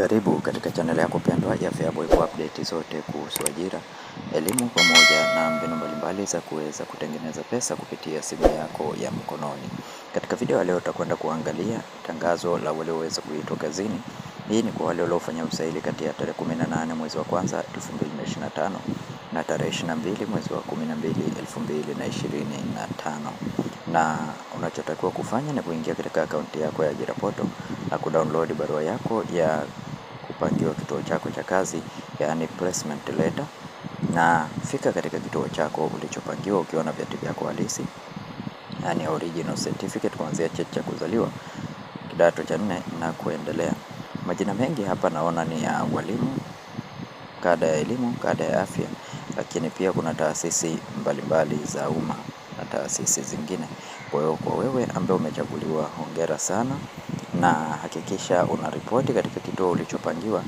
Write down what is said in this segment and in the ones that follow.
Karibu katika channel yako pendwa ya Feaboy kwa update zote kuhusu ajira, elimu pamoja na mbinu mbalimbali za kuweza kutengeneza pesa kupitia simu yako ya mkononi. Katika video ya leo tutakwenda kuangalia tangazo la walioweza kuitwa kazini. Hii ni kwa wale waliofanya usaili kati ya tarehe 18 mwezi wa kwanza 2025 na tarehe 22 mwezi wa 12 2025 na unachotakiwa kufanya ni kuingia katika akaunti yako ya ajira portal na kudownload barua yako ya kupangiwa kituo chako cha kazi, yaani placement letter, na fika katika kituo chako ulichopangiwa ukiwa na vyeti vyako halisi, yani original certificate kuanzia cheti cha kuzaliwa, kidato cha nne na kuendelea. Majina mengi hapa naona ni ya walimu, kada ya elimu, kada ya afya, lakini pia kuna taasisi mbalimbali za umma na taasisi zingine. Kwa hiyo kwa wewe ambaye umechaguliwa, hongera sana na hakikisha unaripoti katika kituo ulichopangiwa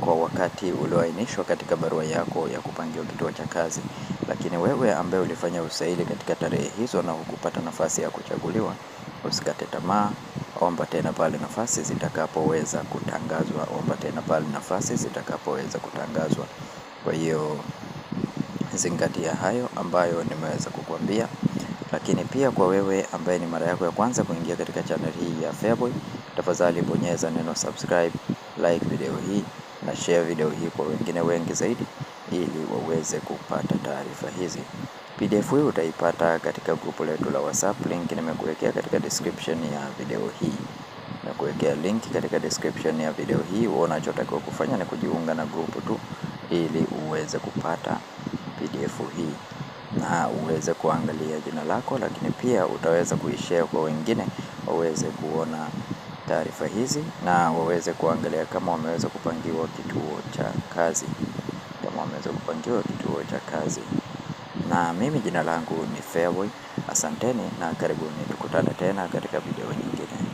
kwa wakati ulioainishwa katika barua yako ya kupangiwa kituo cha kazi. Lakini wewe ambaye ulifanya usaili katika tarehe hizo na hukupata nafasi ya kuchaguliwa, usikate tamaa. Omba tena pale nafasi zitakapoweza kutangazwa. Omba tena pale nafasi zitakapoweza kutangazwa. Kwa hiyo zingatia hayo ambayo nimeweza kukuambia. Lakini pia kwa wewe ambaye ni mara yako ya kwanza kuingia katika channel hii ya Feaboy tafadhali bonyeza neno subscribe, like video hii na share video hii kwa wengine wengi zaidi, ili waweze kupata taarifa hizi. PDF hii utaipata katika grupu letu la WhatsApp, link nimekuwekea katika description ya video hii na kuwekea link katika description ya video hii. Wewe unachotakiwa kufanya ni kujiunga na grupu tu ili uweze kupata PDF hii na uweze kuangalia jina lako, lakini pia utaweza kuishare kwa wengine waweze kuona taarifa hizi na waweze kuangalia kama wameweza kupangiwa kituo cha kazi, kama wameweza kupangiwa kituo cha kazi. Na mimi jina langu ni Fairboy, asanteni na karibuni, tukutane tena katika video nyingine.